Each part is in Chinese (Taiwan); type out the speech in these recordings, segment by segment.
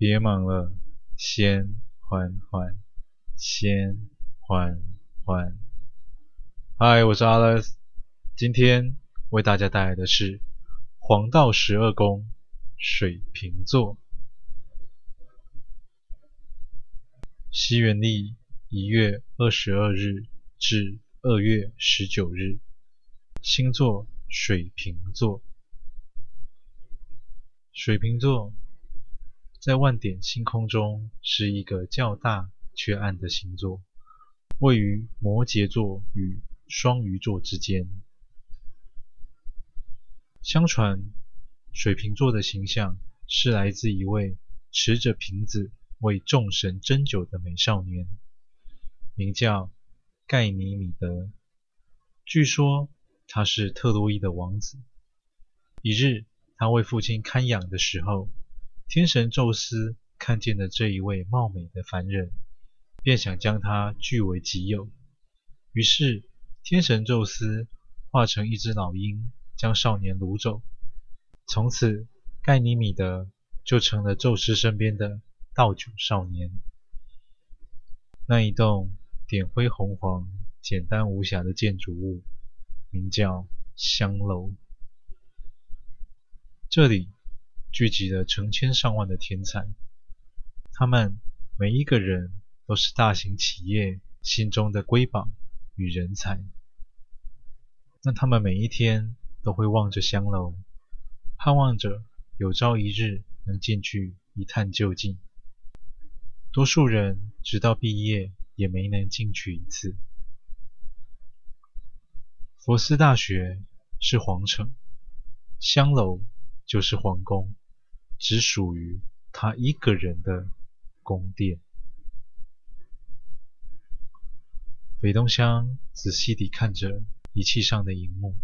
別忙了，先緩緩，先緩緩。嗨，我是 Alex。今天為大家帶來的是黃道十二宮——水瓶座。西元曆一月二十二日至二月十九日，星座，水瓶座。水瓶座。在萬點星空中，是一個較大卻暗的星座，位於摩羯座與雙魚座之間。相傳，水瓶座的形象是來自一位持着瓶子為眾神斟酒的美少年，名叫蓋尼米德。據說他是特洛伊的王子。一日，他為父親看羊的時候，天神宙斯看見了這一位貌美的凡人，便想將他據為己有。於是，天神宙斯化成一隻老鷹，將少年擄走。從此，蓋尼米德就成了宙斯身邊的倒酒少年。那一棟典恢弘煌、簡單無瑕的建築物，名叫湘樓。這裡。聚集了成千上萬的天才，他們每一個人都是大型企業心中的瑰寶與人才。那他們每一天都會望着湘樓，盼望着有朝一日能進去一探究竟。多數人直到畢業也沒能進去一次。佛斯大學是皇城，湘樓就是皇宮，只屬於他一個人的宮殿。斐東湘仔細地看着儀器上的螢幕，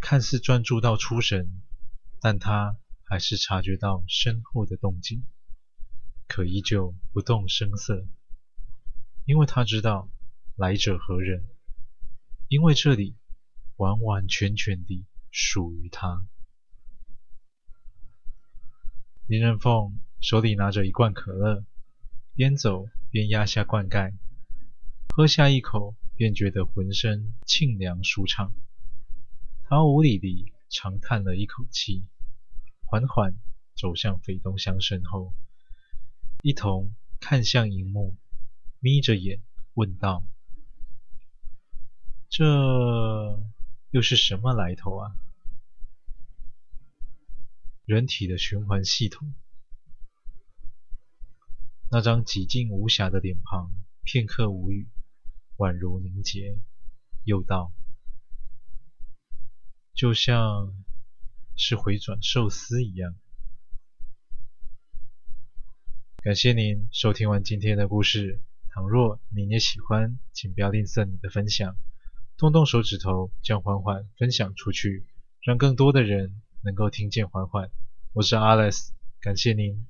看似專注到出神，但他還是察覺到身後的動靜，可依舊不動聲色，因為他知道來者何人，因為這裡完完全全地屬於他。林人鳳手裡拿着一罐可樂，邊走邊壓下罐蓋，喝下一口，便覺得渾身沁涼舒暢。他無禮地長嘆了一口氣，緩緩走向斐東湘身後，一同看向熒幕，眯着眼問道：“這又是什麼來頭啊？”人體的循環系統。那張幾近無瑕的臉龐，片刻無語，宛如凝結。又道：“就像是迴轉壽司一樣。”感謝您收聽完今天的故事。倘若您也喜歡，請不要吝嗇你的分享，動動手指頭，將緩緩分享出去，讓更多的人。能夠聽見緩緩，我是 Alex，感謝您。